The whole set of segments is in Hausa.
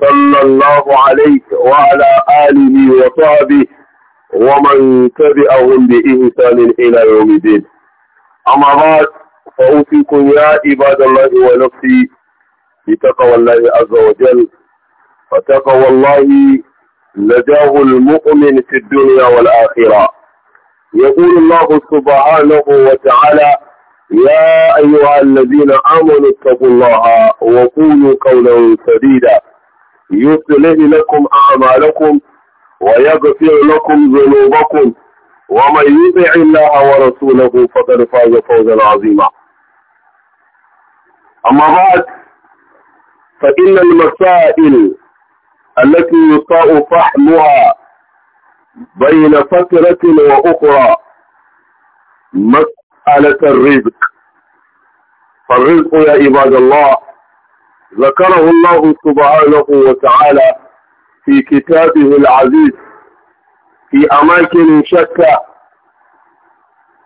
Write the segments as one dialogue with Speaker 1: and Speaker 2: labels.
Speaker 1: صلى الله عليه وعلى آله وصحبه ومن تبعهم بإنسان إلى يوم الدين أما بعد فأوصيكم يا عباد الله ونفسي بتقوى الله عز وجل فتقوى الله نجاه المؤمن في الدنيا والآخرة يقول الله سبحانه وتعالى يا أيها الذين آمنوا اتقوا الله وقولوا قولا سديدا يصلح لكم أعمالكم ويغفر لكم ذنوبكم ومن يطع الله ورسوله فقد فاز فوزا عظيما أما بعد فإن المسائل التي يطاء فحمها بين فترة وأخرى مسألة الرزق فالرزق يا عباد الله ذكره الله سبحانه وتعالى في كتابه العزيز في أماكن شتى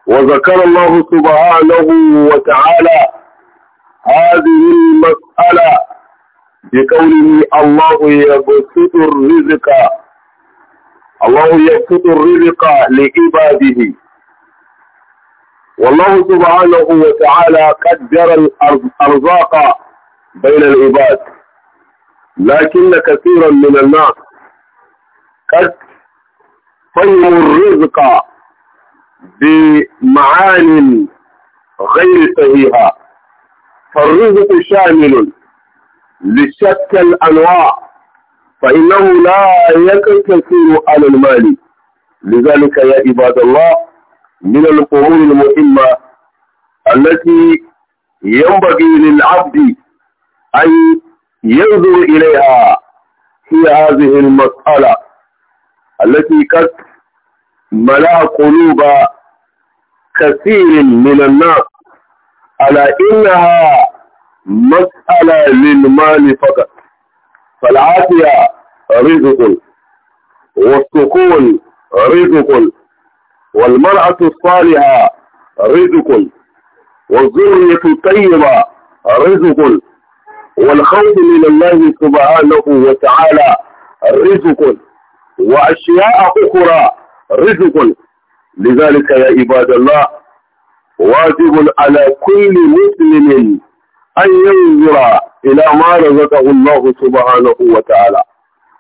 Speaker 2: وذكر الله
Speaker 1: سبحانه وتعالى هذه المسألة بقوله الله يبسط الرزق الله يبسط الرزق لعباده والله سبحانه وتعالى قدر الأرزاق بين العباد لكن كثيرا من الناس قد فهموا الرزق بمعان غير صحيحة فالرزق شامل لشتى الأنواع فإنه لا يكثر على المال لذلك يا عباد الله من القرون المهمة التي ينبغي للعبد أي ينظر إليها هي هذه المسألة التي قد ملا قلوب كثير من الناس على إنها مسألة للمال فقط فالعافية رزق والسكون رزق والمرأة الصالحة رزق والزرية الطيبة رزق والخوف من الله سبحانه وتعالى رزق وأشياء أخرى رزق لذلك يا عباد الله واجب على كل مسلم أن ينظر إلى ما رزقه الله سبحانه وتعالى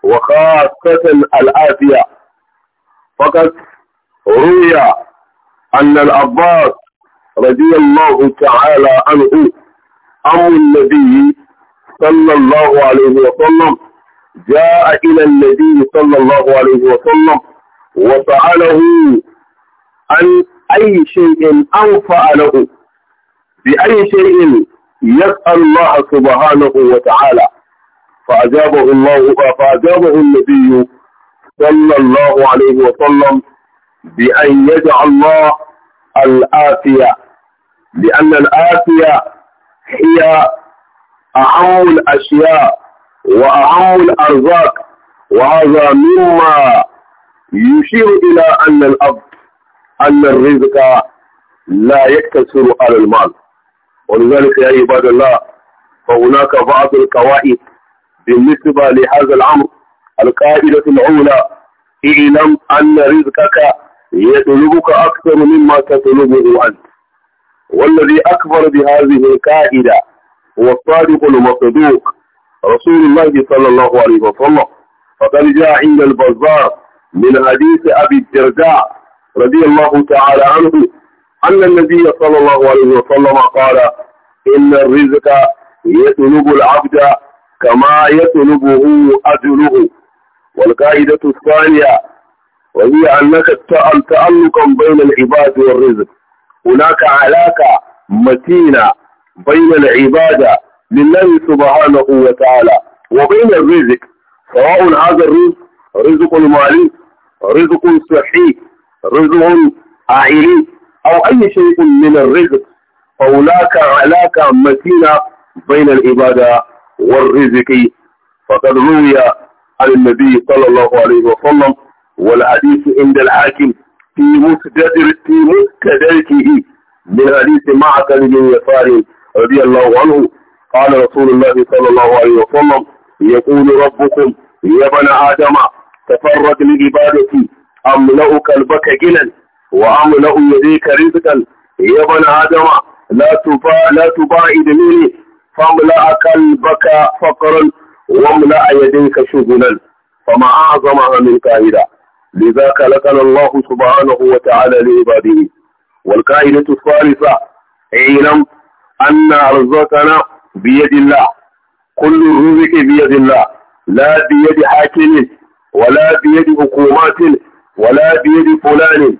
Speaker 1: وخاصة الآتية فقد روي أن العباس رضي الله تعالى عنه أم النبي صلى الله عليه وسلم جاء إلى النبي صلى الله عليه وسلم وسأله عن أي شيء أنفع له بأي شيء يسأل الله سبحانه وتعالى فأجابه الله فأجابه النبي صلى الله عليه وسلم بأن يدع الله الآتية لأن الآتية هي أعم الأشياء وأعم الأرزاق وهذا مما يشير إلى أن الأب أن الرزق لا يقتصر على المال ولذلك يا عباد الله فهناك بعض القواعد بالنسبة لهذا الأمر القاعدة الأولى اعلم أن رزقك يطلبك أكثر مما تطلبه أنت والذي أكبر بهذه القاعدة هو الصادق المصدوق رسول الله صلى الله عليه وسلم فقد جاء عند البزار من حديث أبي الدرداء رضي الله تعالى عنه أن النبي صلى الله عليه وسلم قال إن الرزق يتلب العبد كما يتلبه أجله والقاعدة الثانية وهي أنك تألقا بين العباد والرزق هناك علاقة متينة بين العبادة لله سبحانه وتعالى وبين الرزق سواء هذا الرزق رزق مالي رزق صحي رزق عائلي أو أي شيء من الرزق فهناك علاقة متينة بين العبادة والرزق فقد روي عن النبي صلى الله عليه وسلم والحديث عند الحاكم في مسجد في مستدركه من حديث معقل بن يسار رضي الله عنه قال رسول الله صلى الله عليه وسلم يقول ربكم يا بن آدم تفرد لعبادتي أملأ كلبك جنا وأملأ يديك رزقا يا بن آدم لا تبا لا تباعد مني فاملأ كلبك فقرا واملأ يديك شغلا فما أعظمها من قاعدة لذاك لكن الله سبحانه وتعالى لعباده والقاعدة الثالثة اعلم أن رزقنا بيد الله كل الرزق بيد الله لا بيد حاكم ولا بيد حكومات ولا بيد فلان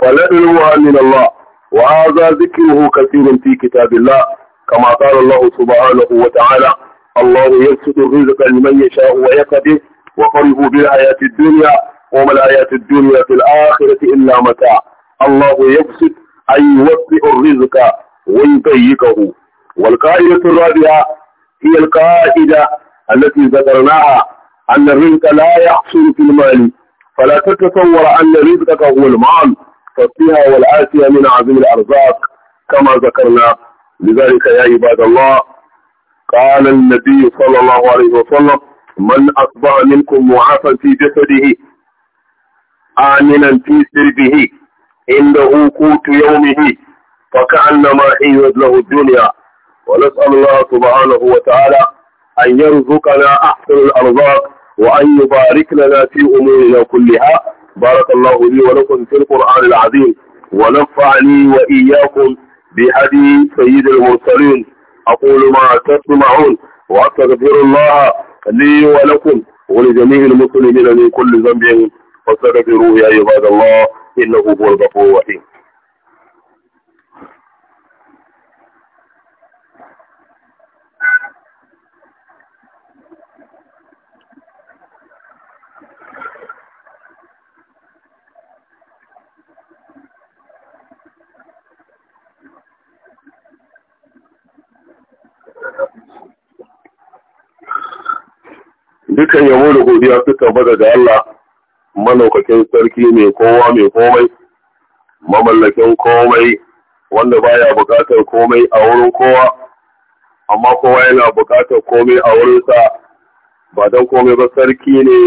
Speaker 1: فندعوها من الله وهذا ذكره كثير في كتاب الله كما قال الله سبحانه وتعالى الله يبسط الرزق لمن يشاء ويقدر وقلبه بالحياة الدنيا وما الحياة الدنيا في الآخرة إلا متاع الله يبسط أي يوطئ الرزق ويطيقه والقاعدة الرابعة هي القاعدة التي ذكرناها أن الرزق لا يحصل في المال فلا تتصور أن رزقك هو المال فالصحة والعافية من عظيم الأرزاق كما ذكرنا لذلك يا عباد الله قال النبي صلى الله عليه وسلم من أصبح منكم معافا في جسده آمنا في سربه عنده قوت يومه فكأنما حيوت له الدنيا ونسأل الله سبحانه وتعالى أن يرزقنا أحسن الأرزاق وأن يبارك لنا في أمورنا كلها بارك الله لي ولكم في القرآن العظيم ونفعني وإياكم بهدي سيد المرسلين أقول ما تسمعون وأستغفر الله لي ولكم ولجميع المسلمين من كل ذنب فاستغفروه يا عباد الله إنه هو الغفور الرحيم dukan yabo da godiya su bada ga Allah malaukakin sarki mai kowa mai komai mamallakin komai wanda baya bukatar komai a wurin kowa amma kowa yana bukatar komai a wurin sa, ba dan komai ba sarki ne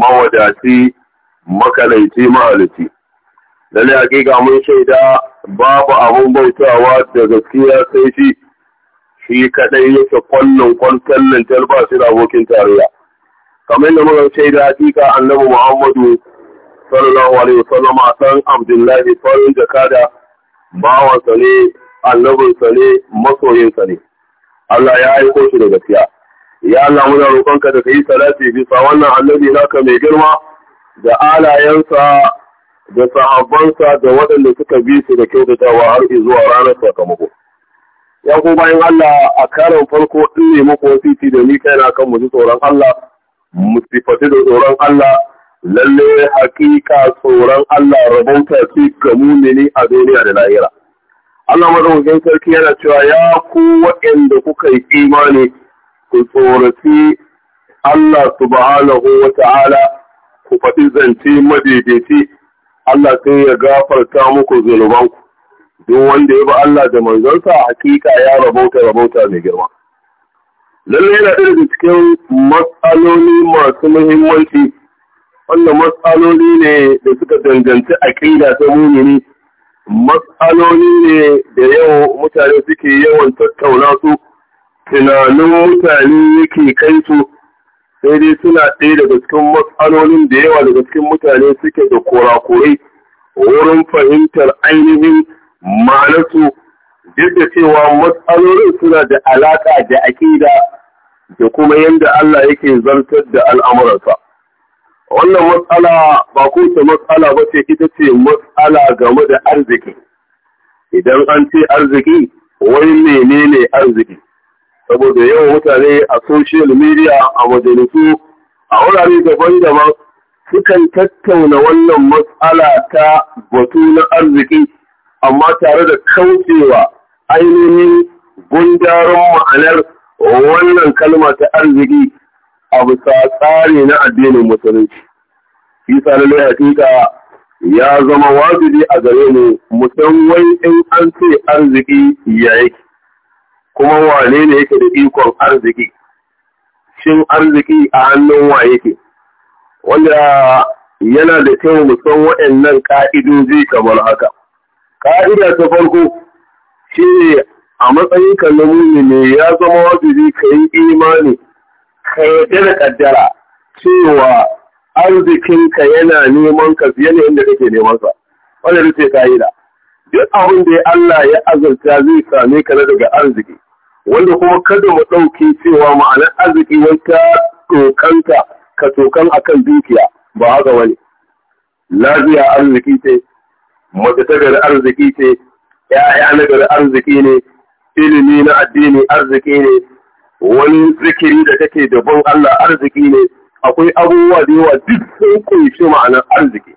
Speaker 1: mawadaci makalaici mahalici lalle hakika mun shaida babu abun bautawa da gaskiya sai shi shi kadai yake kwallon kwantan nan shi da abokin tarayya kamar da muka shaida hakika annabi Muhammadu sallallahu alaihi wasallam san Abdullahi farin jakada bawansa ne annabinsa ne masoyinsa ne Allah ya aiko shi da gaskiya ya Allah muna roƙonka da kai salati bisa wannan annabi naka mai girma da alayansa da sahabbansa da waɗanda suka bi su da kyau da kyautatawa har zuwa ranar sakamako. Ya ku bayan Allah a karon farko din ne muku wasiti da ni kaina kan mu ji tsoron Allah musifatu da tsoron Allah lalle hakika tsoron Allah rabauta ce ga mumini a duniya da lahira
Speaker 2: Allah madaukakin
Speaker 1: sarki yana cewa ya ku waɗanda kuka yi imani ku tsoraci Allah subhanahu wa ta'ala ku faɗi zance madaidaici Allah sai ya gafarta muku zunubanku duk wanda ya bi Allah da manzonsa hakika ya rabauta rabauta mai girma Lallai yana ɗaya daga cikin matsaloli masu muhimmanci wanda matsaloli ne da suka danganci aƙida ta mumini matsaloli ne da yau mutane suke yawan tattauna su tunanin mutane yake kai su sai dai suna ɗaya daga cikin matsalolin da yawa daga cikin mutane suke da kurakurai wurin fahimtar ainihin ma'anarsu duk da cewa matsalolin suna da alaƙa da aƙida da kuma yadda Allah yake zartar da al'amuransa. Wannan matsala ba kusa matsala ba ce ita ce matsala game da arziki. Idan an ce arziki, wai menene arziki? Saboda yawan mutane a social media a majalisu a wurare daban-daban sukan tattauna wannan matsala ta batu na arziki amma tare da kaucewa ainihin gundarin ma'anar wannan kalma ta arziki a bisa tsari na addinin musulunci. Isa lallai hakika ya zama wajibi a gare mu musamman in an ce arziki ya yake, kuma wane ne yake da ikon arziki, shin arziki a hannun wa yake, wanda yana da kyau musan waɗannan ƙa'idoji kamar haka. Ka'ida ta farko Shi ne a matsayinka na ne ya zama wajibi ka yi imani ka yarda da kaddara cewa arzikinka yana neman ka fiye da inda kake neman sa wanda ta yi da. duk abin da Allah ya azarta zai same ka daga arziki wanda kuma kada mu ɗauke cewa ma'anar arziki wai ka tokanta ka tokan akan dukiya ba haka wani lafiya arziki ce mace arziki ce ya'ya na gari arziki ne ilimi na addini arziki ne wani zikiri da take da ban Allah arziki ne akwai abubuwa da yawa duk sun kunshi ma'anar arziki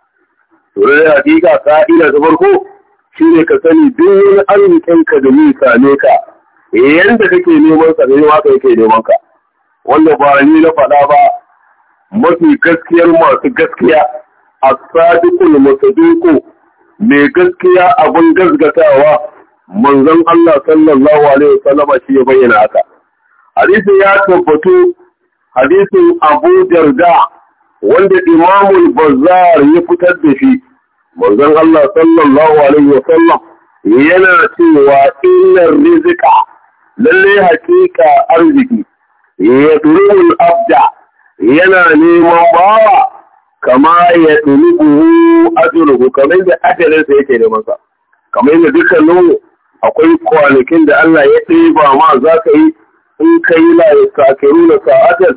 Speaker 1: to da hakika ka'ida ta farko shine ka sani duk wani arzikin ka da ni same ka yanda kake neman sa ne ka yake neman ka wanda ba ni na faɗa ba mafi gaskiyar masu gaskiya as-sadiqul musadiqu mai gaskiya abin gasgatawa manzon Allah sallallahu alaihi wasallama shi ya bayyana haka hadisin ya tabbatu hadisin Abu Darda wanda Imam Bazzar ya fitar da shi manzon Allah sallallahu alaihi wasallam yana cewa innar rizika, lalle hakika arziki ya abda yana neman bawa kama ya tulubuhu ajruhu kamar da ajalin yake neman masa kamar yadda dukkanin akwai kwanakin da Allah ya ɗeba ma za ka yi in ka yi la yastakiru na sa'atan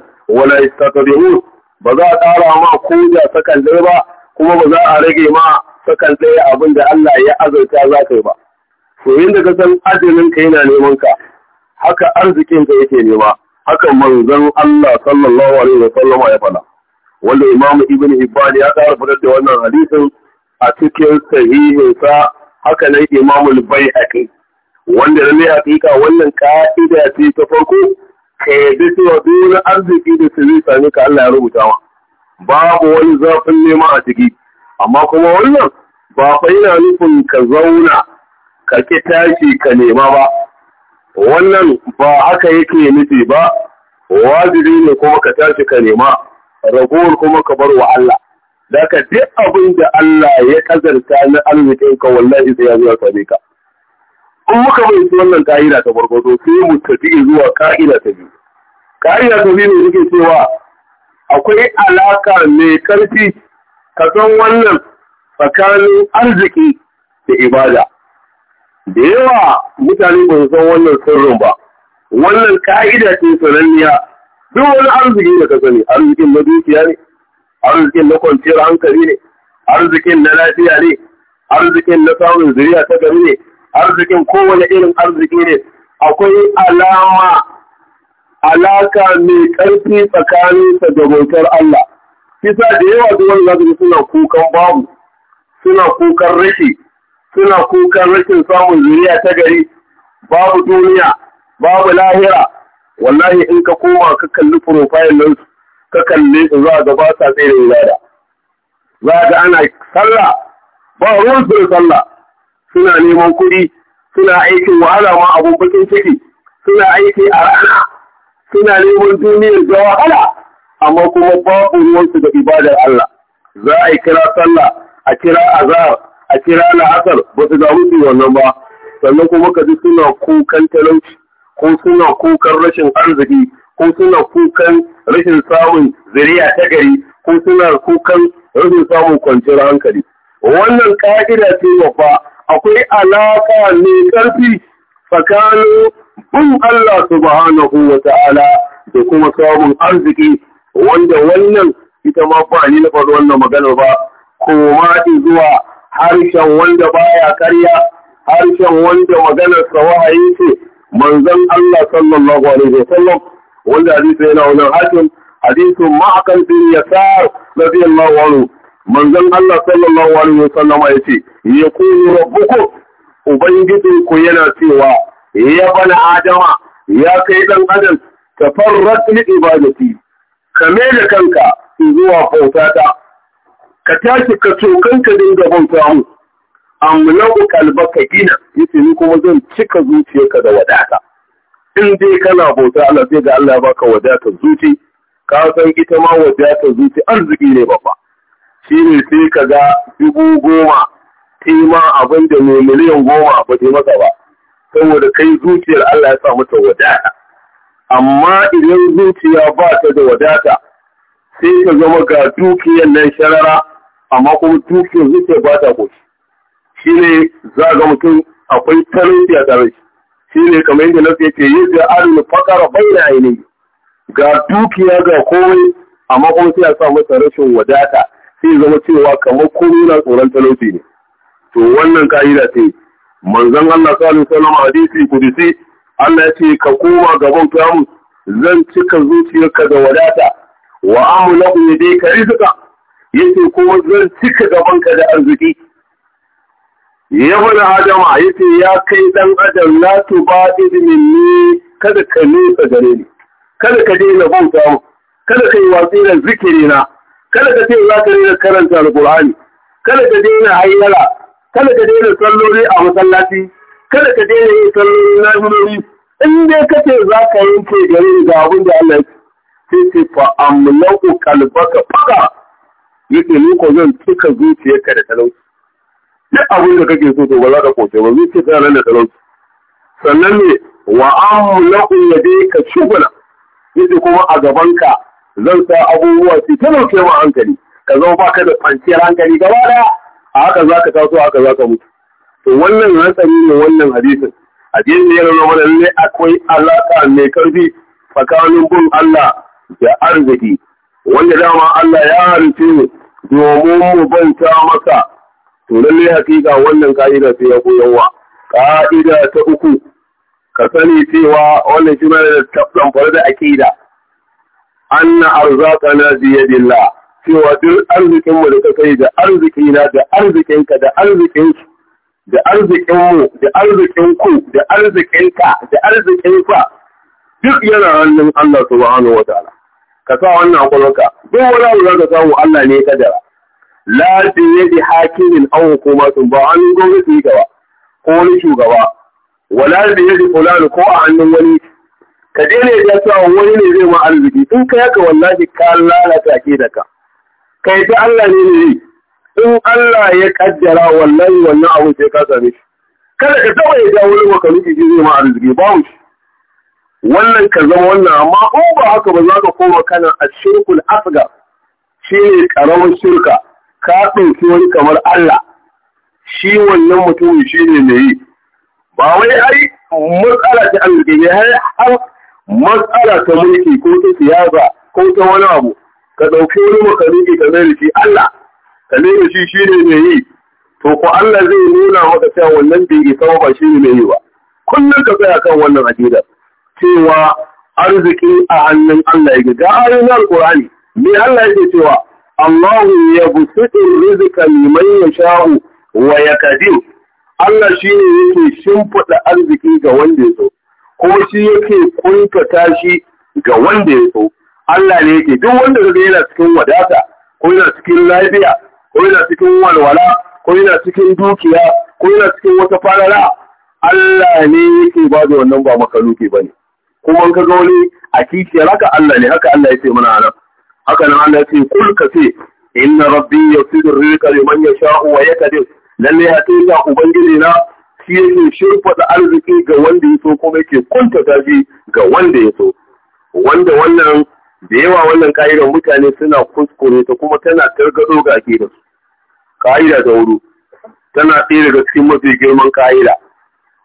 Speaker 1: da yastaqdimun ba za a ƙara ma ko da sakan ba kuma ba za a rage ma sakan abin da Allah ya azurta za ka yi ba to yadda ka san ajalin ka yana neman ka haka arzikinka ka yake nema haka manzon Allah sallallahu alaihi wa sallama ya faɗa wanda imamu ibn hibban ya ƙara fitar da wannan hadisin a cikin sahihinsa haka nan imamu bai wanda lalle hakika wannan ƙa'ida ce ta farko ka yarda cewa duk arziki da su zai sami ka Allah ya rubuta ma babu wani zafin nema a ciki amma kuma wannan ba fa yana nufin ka zauna ka ki tashi ka nema ba wannan ba haka yake nufi ba wajibi ne kuma ka tashi ka nema ragowar kuma ka bar wa Allah ka duk abin da Allah ya kazarta na arzikin ka wallahi sai ya zuwa same ka in muka bai su wannan ka'ida ta farko sai mu tafi zuwa ka'ida ta biyu ka'ida ta biyu ne muke cewa akwai alaka mai karfi ka san wannan tsakanin arziki da ibada da yawa mutane ba su san wannan sirrin ba wannan ka'ida ce sananniya duk wani arziki da ka sani arzikin na dukiya ne arzikin na kwanciyar hankali ne arzikin na lafiya ne arzikin na samun zuriya ta gari ne arzikin kowane irin arziki ne akwai alama alaka mai ƙarfi tsakanin da Allah kisa da yawa duk wani zasu suna kukan babu suna kukan rashi suna kukan rashin samun zuriya ta gari babu duniya babu lahira wallahi in ka koma ka kalli profile ka kalle su za ga ba sa tsere ibada za ga ana sallah ba ruwan su sallah suna neman kuɗi suna aikin wahala ma abun bakin ciki suna aiki a rana suna neman duniyar da wahala amma kuma babu su da ibadar Allah za a kira sallah a kira azar, a kira la'asar ba su damu wannan ba sannan kuma ka ji suna kukan talauci ko suna kukan rashin arziki ko suna kukan rashin samun zuriya ta gari ko suna kukan rashin samun kwanciyar hankali wannan ka'ida ce babba akwai alaka ne karfi tsakanin bin Allah subhanahu wa ta'ala da kuma samun arziki wanda wannan ita ma ba ni na faɗi wannan maganar ba koma zuwa harshen wanda baya karya harshen wanda maganarsa wahayi ce manzon Allah sallallahu alaihi wa sallam wanda hadisi yana wannan hakim hadisu ma'akan bin yasar radiyallahu anhu manzon Allah sallallahu alaihi wa sallam ya ce yakunu Ubangijin ku yana cewa ya bana adama ya kai dan adam tafarrat li ibadati kame da kanka zuwa bautata ka tashi ka cokanka ka dinga bauta amlau kalbaka gina yace ni kuma zan cika zuciyarka da wadata in dai kana bauta Allah sai ga Allah ya baka wadata zuci ka san ita ma wadata zuci arziki ne babba shine sai ka ga dubu goma tima abin da mai miliyan goma ba ta masa ba saboda kai zuciyar Allah ya sa mata wadata amma idan zuciya ba ta da wadata sai ka zama ga dukiyar nan sharara amma kuma dukiyar zuciya ba ta goshi shi ne za ga mutum akwai talauci a tare shi ne kamar yadda nasu ce yi da arin fakara baina ainihi ga dukiya ga komai amma kuma sai a sa masa rashin wadata sai zama cewa kamar komai na tsoron talauci ne to wannan ka'ida ce manzon Allah sallallahu alaihi wasallam hadisi kudisi Allah ya ce ka koma gaban kamu zan cika zuciyarka da wadata wa amulahu yadayka rizqa yace kuma zan cika gabanka da arziki Yabon Adama ya ce ya kai dan adam na ba izinin ne kada ka nutsa gare ni, kada ka daina bauta mu, kada ka yi watsi da zikiri na, kada ka ce za ka daina karanta alƙur'ani, kada ka daina hayyala, kada ka daina salloli a masallaci, kada ka daina yin salloli na hulori, in dai ka ce za ka yanke gare ni ga abin da Allah ya ce fa amlau kalbaka ya yake ni ko zan cika zuciyarka da talauci. duk abin da kake so to ba za ka kote ba zai tana nan da talauci sannan ne wa amlaku ka shugula yadda kuma a gabanka zan sa abubuwa su ta dauke ma hankali ka zama ba ka da kwanciyar hankali gaba daya a haka za ka taso haka za ka mutu to wannan hatsari ne wannan hadisin addini yana nuna mana ne akwai alaƙa mai karfi tsakanin bin Allah da arziki wanda dama Allah ya halice mu domin mu banta masa to lalle hakika wannan ka'ida sai ya koyarwa ka'ida ta uku ka sani cewa wannan shi mana da tabbatar da akida anna arzaqana bi yadillah cewa duk arzikin mu da ka kai da arziki na da arzikin ka da arzikin da arzikin mu da arzikin ku da arzikin ka da arzikin fa duk yana hannun Allah subhanahu wataala ka sa wannan kwalwarka duk wani abu za ka samu Allah ne ya kadara la bi yadi hakimin aw hukumatun ba an gwamnati gaba ko wani shugaba wala bi yadi fulani ko a hannun wani ka je ne ya sa wani ne zai ma arziki in ka yaka wallahi ka lalata ke da ka kai ta Allah ne ne in Allah ya kaddara wallahi wannan abu sai ka same shi kada ka taɓa ya ja wani makaruki shi zai ma arziki ba shi wannan ka zama wannan amma in ba haka ba za ka koma kana a shirkul asgar shi ne ƙaramin shirka ka ɗauki wani kamar Allah shi wannan mutumin shi ne mai yi ba wai ai matsala ta arziki ne har matsala ta mulki ko ta siyasa ko ta wani abu ka ɗauki wani makaruki ka zai shi Allah ka zai shi shi ne mai yi to ko Allah zai nuna maka cewa wannan bai isa ba shi ne mai yi ba kullum ka tsaya kan wannan aqidar cewa arziki a hannun Allah yake ga ayoyin Alƙurani. me Allah yake cewa Allahu ya busutu rizika liman ya sha'u wa ya kadir. Allah shi ne yake shimfiɗa arziki ga wanda ya so, ko shi yake kunka tashi ga wanda ya so. Allah ne yake duk wanda zai yana cikin wadata, ko yana cikin lafiya, ko yana cikin walwala, ko yana cikin dukiya, ko yana cikin wata farara. Allah ne yake ba da wannan ba makaluki ba ne. Kuma ka ga wani a kishiyar haka Allah ne, haka Allah ya ce mana nan. haka nan Allah ce kul ka ce inna rabbi yasiru rizqa liman yasha wa yaqdir lalle ya ce hakika ubangiji na shi yake da arziki ga wanda ya so kuma yake kunta tashi ga wanda ya so wanda wannan da yawa wannan ka'idar mutane suna kuskure ta kuma tana targado ga ke da su ka'ida ta wuru tana ɗaya daga cikin mafi girman ka'ida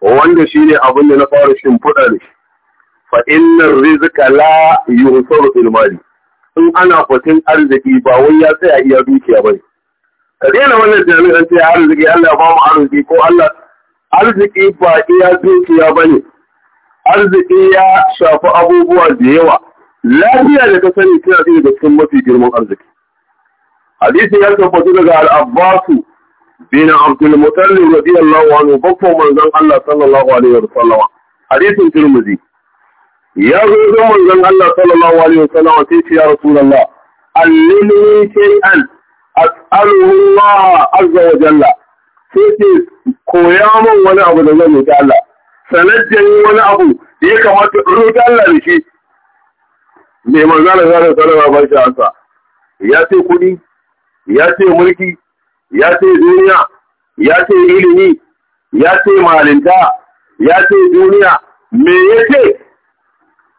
Speaker 1: wanda shi ne abin da na fara shimfiɗa da shi fa innar la yunsaru in ana fatin arziki ba wai ya tsaya iya dukiya ba ka daina wannan tunanin an ce arziki Allah ya ba mu arziki ko Allah arziki ba iya dukiya ba ne arziki ya shafi abubuwa da yawa lafiya da ka sani tana ɗaya daga mafi girman arziki hadisi ya tabbatu daga al-abbasu bin abdul mutallib radiyallahu anhu bakko manzon Allah sallallahu alaihi wa sallam hadisin tirmidhi ya zo zan manzon Allah sallallahu alaihi wasallam sai ce ya rasulullah allini shay'an as'aluhu Allah azza wa jalla sai ce koya min wani abu da zan roƙi Allah sanadin wani abu da ya kamata in roƙi Allah da shi mai manzon Allah sallallahu alaihi wasallam ba shi ansa ya ce kuɗi ya ce mulki ya ce duniya ya ce ilimi ya ce malinta ya ce duniya me ya ce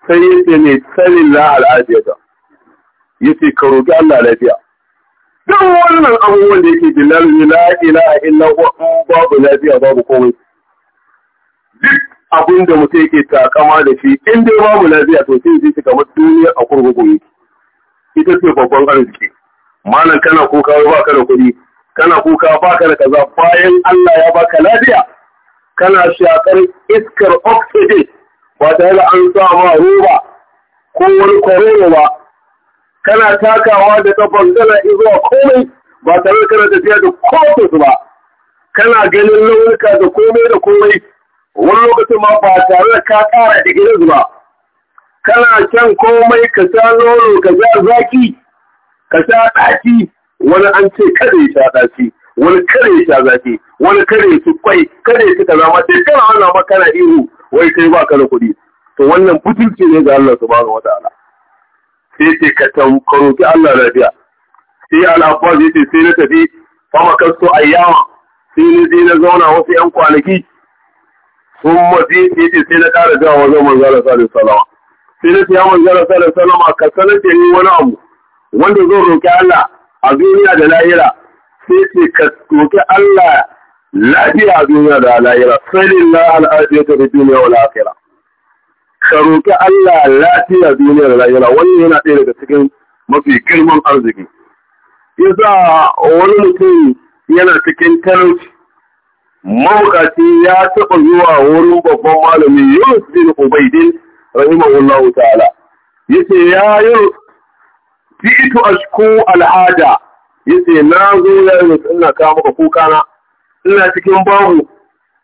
Speaker 1: sai ya ce mai na la al'adiyata ya ce ka roƙi Allah lafiya duk wannan abubuwan da yake billahi la ilaha illa huwa babu lafiya babu komai duk abin da mutum yake takama da shi in dai babu lafiya to sai zai kamar duniya a kurkuku yake ita ce babban arziki malam kana kuka ba ka da kuɗi kana kuka ba ka da kaza bayan Allah ya baka lafiya kana shakar iskar oxygen ba tare da an sa ma roba ko wani kororo ba kana takawa da kafan tana izuwa komai ba tare da kana tafiya da kotus ba kana ganin launuka da komai da komai wani lokacin ma ba tare da ka kara da gina ba kana shan komai ka sha nono ka sha zaki ka sha ɗaki wani an ce kada ya sha ɗaki wani kare ya sha zafi wani kare ya kwai kare ya ci kaza ma duk kana Allah ma kana ihu wai kai ba ka da kuɗi to wannan butulci ne ga Allah subhanahu ta'ala sai ce ka roki Allah lafiya sai al-Abbas ce sai na tafi fa kasto ayyama sai ni sai na zauna wasu yan kwanaki sun sai ce sai na ƙara jawo wajen manzara sallallahu alaihi wasallam sai na siya manzara sallallahu alaihi wasallam ka sanar da ni wani abu wanda zan roki Allah a duniya da lahira sai ce ka roƙi Allah lafiya duniya da lahira sai lillahi al'afiyatu da duniya wal akhirah ka roƙi Allah lafiya duniya da lahira wannan yana ɗaya daga cikin mafi girman arziki yasa wani mutum yana cikin talauci mawukaci ya taɓa zuwa wurin babban malami Yunus bin Ubaidin rahimahullahu ta'ala yace ya yi fi ito ashku al'ada ce na zo ya yi ina kawo maka kuka na ina cikin babu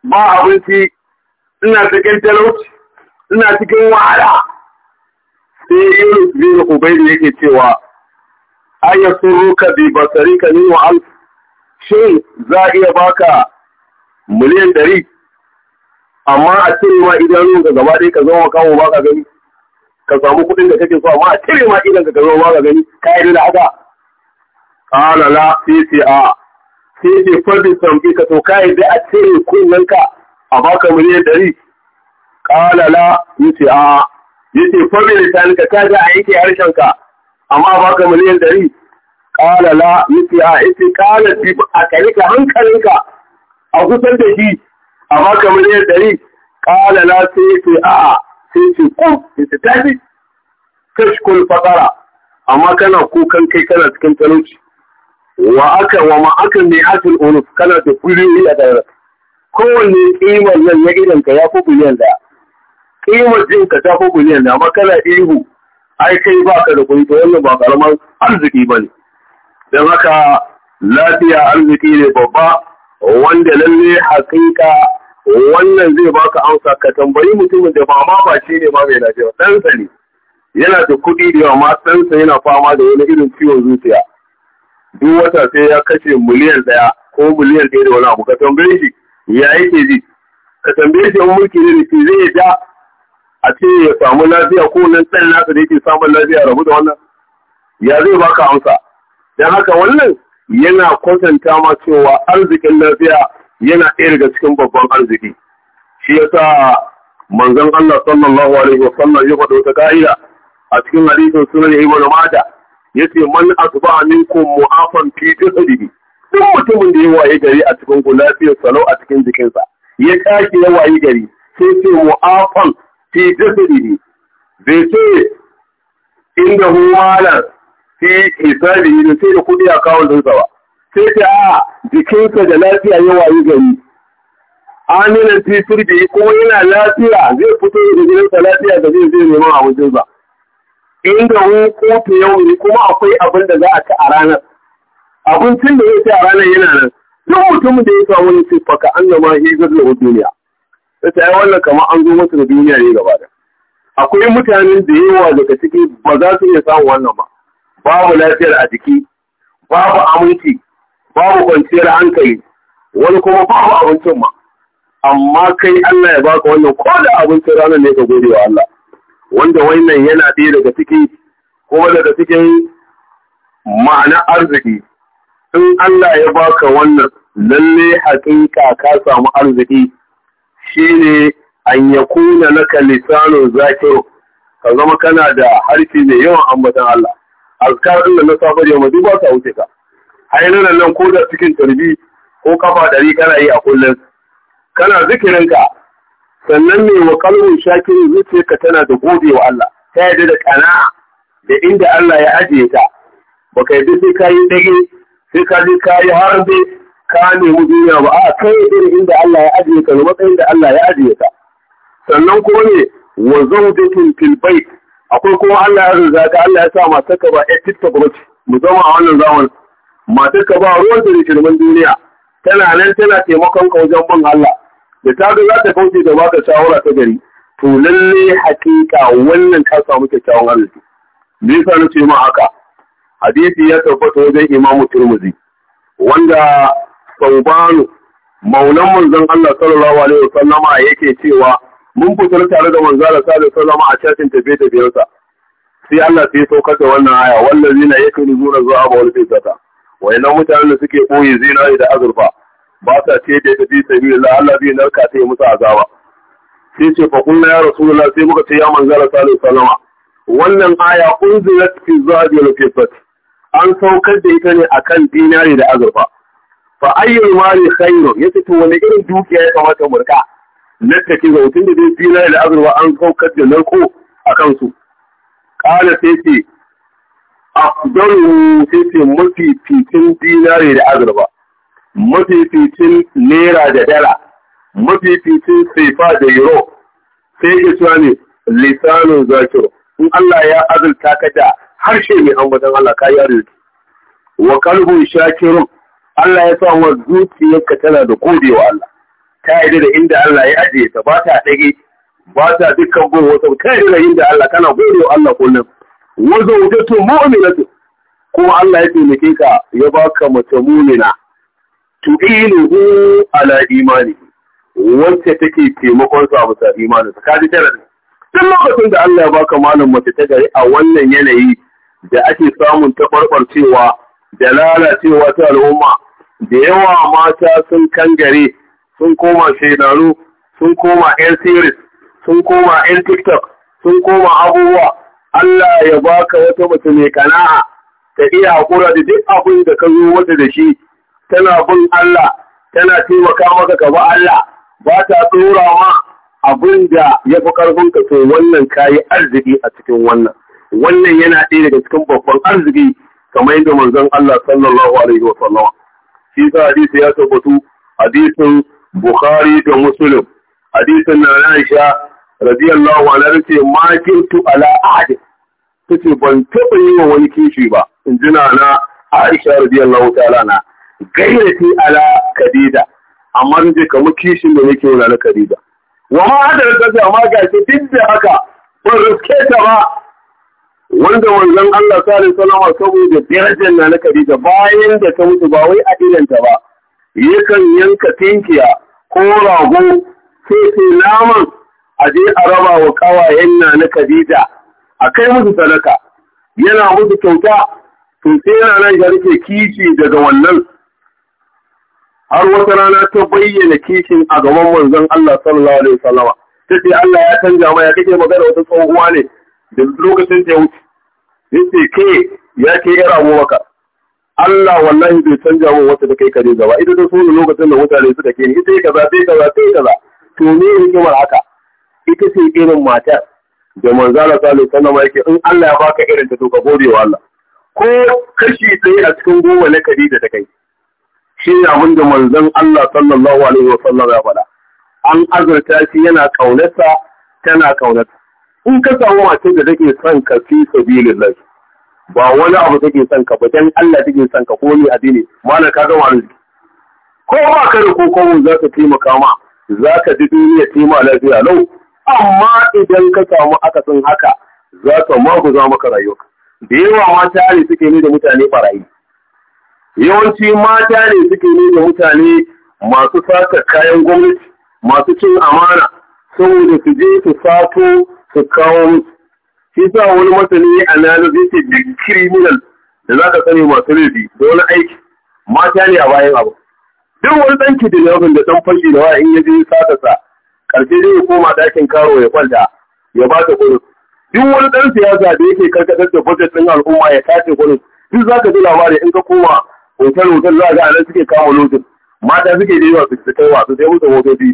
Speaker 1: ba abinci ina cikin talauci ina cikin wahala sai Yunus bin da yake cewa ayasuruka bi basarika ni wa alf shin za a iya baka miliyan ɗari amma a cire ma idanun ka gaba ɗaya ka zama kawo ba ka gani ka samu kuɗin da kake so amma a cire ma idan ka zo ba ka gani ka yi da haka qala la fi a sai ce fadi sauki ka to kai da a cire kunnen a baka miliyan ɗari qala la yace a yace fadi lisan ka ka ga a yake harshenka, amma a baka miliyan ɗari qala la yace a yace qala bi a kai ka hankalinka a kusan da shi a baka miliyan ɗari qala la sai a sai kun yace tafi kashkul fakara amma kana kukan kai kana cikin talauci wa aka wa ma aka ne aka unuf kana da kuriyoyi a tare kowanne kimar nan ya idan ka ya fi biliyan da kimar jin ka ta fi biliyan da amma kana ihu ai kai ba ka da kuɗi to wannan ba karamar arziki ba ne haka lafiya arziki ne babba wanda lalle hakika wannan zai baka amsa ka tambayi mutumin da ba ma ba shi ne ma mai lafiya ɗansa ne yana da kuɗi da yawa ma ɗansa yana fama da wani irin ciwon zuciya duk wata sai ya kashe miliyan daya ko miliyan ɗaya da wani abu ka tambaye shi ya yake ji ka tambaye shi in mulki ne ke zai ja a ce ya samu lafiya ko nan ɗan nasa da yake samun lafiya rabu da wannan ya zai baka amsa don haka wannan yana kwatanta ma cewa arzikin lafiya yana ɗaya daga cikin babban arziki shi yasa manzon Allah sallallahu alaihi wasallam ya faɗo ta ka'ida a cikin hadisin sunan Ibn mata. Ya ce man asba minkum mu'afan fi jasadihi duk mutumin da ya waye gari a cikin ku lafiyar salau a cikin jikinsa ya kake ya waye gari sai ce mu'afan fi jasadihi Zai ce inda hu malan fi hisabihi da sai da kudi a kawon dinsa ba sai ce a jikinsa da lafiya ya waye gari aminan fi yi kuma yana lafiya zai fito da gidansa lafiya da zai zai neman abincinsa inda hu kotu yau ne, kuma akwai abin da za a ci a ranar abincin da ya ci a ranar yana nan duk mutumin da ya samu wani ce faka an zama shi zai duniya ta ta yi wannan kamar an zo masa duniya ne gaba da akwai mutanen da yawa daga ciki ba za su iya samun wannan ba babu lafiyar a jiki babu aminci babu kwanciyar hankali wani kuma babu abincin ma amma kai Allah ya baka wannan ko da abincin ranar ne ka gode wa Allah wanda wannan yana ɗaya daga ciki ko daga cikin ma'ana arziki in Allah ya baka wannan lalle haƙiƙa ka samu arziki shine an na kalisano lisanun ka zama kana da harshe mai yawan ambatan Allah azkar din da na safar yau duk ba ta wuce ka ainihin nan ko da cikin tarbi ko kafa ɗari kana yi a kullum kana zikirinka sannan ne wa kalmin shakirin zuciyarka tana da gode wa Allah ta yadda da kana'a da inda Allah ya ajiye ta baka yarda sai ka yi dage sai ka je ka yi harbe ka nemi duniya ba a kai yarda inda Allah ya ajiye ka da matsayin da Allah ya ajiye ta. sannan kuma ne wa zawjatin fil bait akwai kuma Allah ya riga ka Allah ya sa masu ka ba ya titta gwamnati musamman a wannan zamanin Masu ka ba ruwan da shirman duniya tana nan tana taimakon ka wajen bin Allah da ta ga za ta kauce da baka shawara ta gari to lalle hakika wannan ta samu kyakkyawan arziki me yasa nace ma haka hadisi ya tabbata wajen Imam Tirmidhi wanda Saubanu maulan manzon Allah sallallahu alaihi wasallama yake cewa mun fitar tare da manzon Allah sallallahu alaihi wasallama a cikin tafiye tafiyarsa sai Allah sai saukar da wannan aya wallazina yakunuzuna zuwa ba wal fitata wa ina mutanen da suke koyi zinari da azurfa ba sa ce da ya tafi da Allah zai narka ta yi musu azaba sai ce fa kunna ya rasulullah sai muka ce ya manzara sallallahu salama. wannan aya unzilat fi zahabi da fifat an saukar da ita ne akan dinari da azurfa fa ayyul mali khairu yace to wani irin dukiya ya kamata Murka. rika latta ki zautun da dai dinari da azurfa an saukar da narko akan su kala sai ce afdalu sai ce mafi fitin dinari da azurfa mafificin naira da dala mafificin saifa da euro sai ya cewa ne lisanin zakiru in Allah ya azurta ka da harshe mai ambaton Allah ka yi arziki
Speaker 2: wa kalbun shakirun
Speaker 1: Allah ya sa wa ka tana da godewa Allah ta yi da inda Allah ya ajiye ta ba ta ɗage ba ta dukkan gowa sau ta yi da inda Allah kana godewa Allah kullum wazo wujatu mu'minatu kuma Allah ya taimake ka ya baka mace mu'mina tu'inuhu ala imani wacce take taimakon sa bisa imanin ka ji tare duk lokacin da Allah ya baka malam mace ta gari a wannan yanayi da ake samun cewa da lalacewa ta al'umma da yawa mata sun kangare sun koma shedaru sun koma 'yan series sun koma 'yan tiktok sun koma abubuwa Allah ya baka wata mace mai kana'a ta iya haƙura da duk abin da ka zo wata da shi tana bin Allah tana taimaka maka ka ba Allah ba ta tsora ma abin da ya fi karfin ka to wannan kayi arziki a cikin wannan wannan yana ɗaya daga cikin babban arziki kamar yadda manzon Allah sallallahu alaihi wa shi sa hadisi ya tabbatu hadisin Bukhari da Muslim hadisin na Aisha radiyallahu anha ce ma kintu ala ahad tace ban taɓa yi wa wani kishi ba in jina na Aisha radiyallahu ta'ala na gairati ala kadida amma zai kamar kishin da yake wani na kadida wa ma hada da kasa ma ga shi duk da haka ban riske ta ba wanda wanzan Allah sallallahu alaihi wasallam saboda darajar na kadida bayan da ta mutu ba wai a ta ba yakan yanka tinkiya ko rago sai sai naman a je a raba wa kawayen na na kadida a kai musu sadaka yana musu kyauta to sai yana nan ga rike kishi daga wannan har wata rana ta bayyana kishin a gaban manzon Allah sallallahu alaihi wasallama tace Allah ya canja mai kake magana wata uwa ne da lokacin ta wuce yace ke ya ke yara mu maka Allah wallahi bai canja mu wata da kai kare gaba Idan da so lokacin da mutane suka ke ni sai kaza sai kaza sai kaza to ne hikimar haka ita ce irin matar da Allah sallallahu alaihi wasallam yake in Allah ya baka irin ta to ka gode wa Allah ko kashi ɗaya a cikin goma na kadi da ta kai shi ne abin da manzon Allah sallallahu alaihi wa sallam ya faɗa an azurta shi yana kaunarsa tana ƙaunarsa in ka samu mace da take son ka fi sabilillah ba wani abu take son ka ba dan Allah take son ka ko ni addini mana ka zama arziki ko ba ka da ko za ka taimaka ma za ka ji duniya taimaka lafiya lau amma idan ka samu akasin haka za ka maguza maka rayuwa da yawa mata ne suke ni da mutane barayi yawanci mata ne suke ne da mutane masu sata kayan gwamnati masu cin amana saboda su je su sato su kawo musu shi sa wani masani zai ce duk criminal da za ka sani masu rufi da wani aiki mata ne a bayan abu duk wani dan kidnapping da dan fashi da waya in ya je sata sa karshe zai koma dakin karo ya kwanta, ya ba ta kuɗin duk wani dan siyasa da yake karkatar da budget din al'umma ya tace kuɗin duk za ka ji labari in ka koma hotel hotel za a ga anan suke kama lokacin, mata suke da yawa su kai wasu sai musu hotoci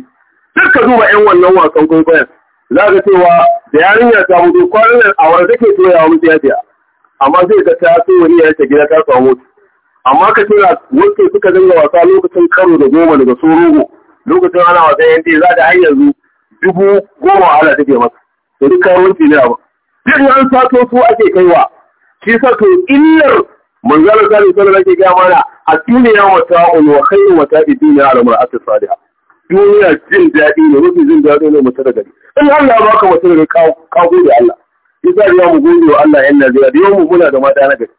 Speaker 1: duk ka duba yan wannan wasan kwaikwayon za ka cewa da yarinya ta mutu kwanan nan a wani take toyawa mutu ya amma sai ka ta so wani ya gida ta samu mutu amma ka na wuce suka dinga wasa lokacin karo da goma daga sorogo lokacin ana wasa yan za ta har yanzu dubu goma ala take masa to duk karuwanci ne abu duk an sato su ake kaiwa shi sa to illar manzala sallallahu alaihi wasallam yake ga mana at-dunya mata'un wa khayru mata'i dunya al-mar'atu salihah duniya jin daɗi ne mafi jin daɗi ne mutum da gari in Allah ya baka mutum da ka da Allah yasa da mu gode wa Allah yan Najeriya da yawan muna da mata na gari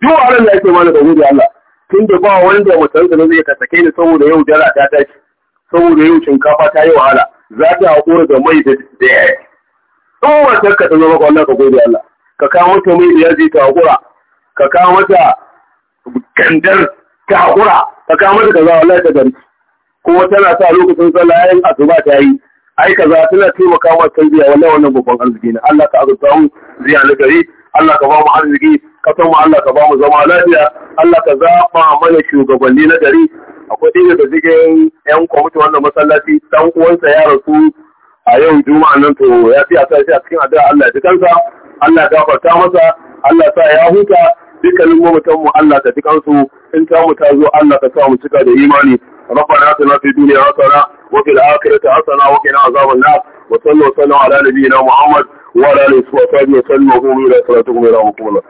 Speaker 1: duk Allah ya ce mana da gode Allah tun da ba wanda mutum da zai ka sake ni saboda yau jara ta tashi saboda yau shinkafa ta yi wahala za ta haƙura da mai da da in matar ka zama ka Allah ka gode Allah ka kawo ta mai da ya yaji ta haƙura ka kawo mata kandar ta haƙura ka kawo mata kaza wallahi ta gari kuma tana sa lokacin sallah yayin asuba ta yi ai za, tana taimaka ma tarbiyya wallahi wannan babban arziki ne Allah ka azurta mu ziya na gari Allah ka ba mu arziki ka san mu Allah ka ba mu zama lafiya Allah ka zaba mana shugabanni na gari akwai ɗaya da cikin yan kwamitin wannan masallaci dan uwansa ya rasu a yau juma'a nan to ya fi a sa shi a cikin addu'a Allah ya ji kansa Allah ya gafarta masa Allah sa ya huta dukkanin mamutan mu Allah ta ji in ta mu ta zo Allah ta samu cika da imani rabbana atina fid dunya hasana wa fil akhirati hasana wa qina azaban nar wa sallu sallu ala nabiyyina muhammad wa ala alihi wa sahbihi sallu wa qulu la ilaha illa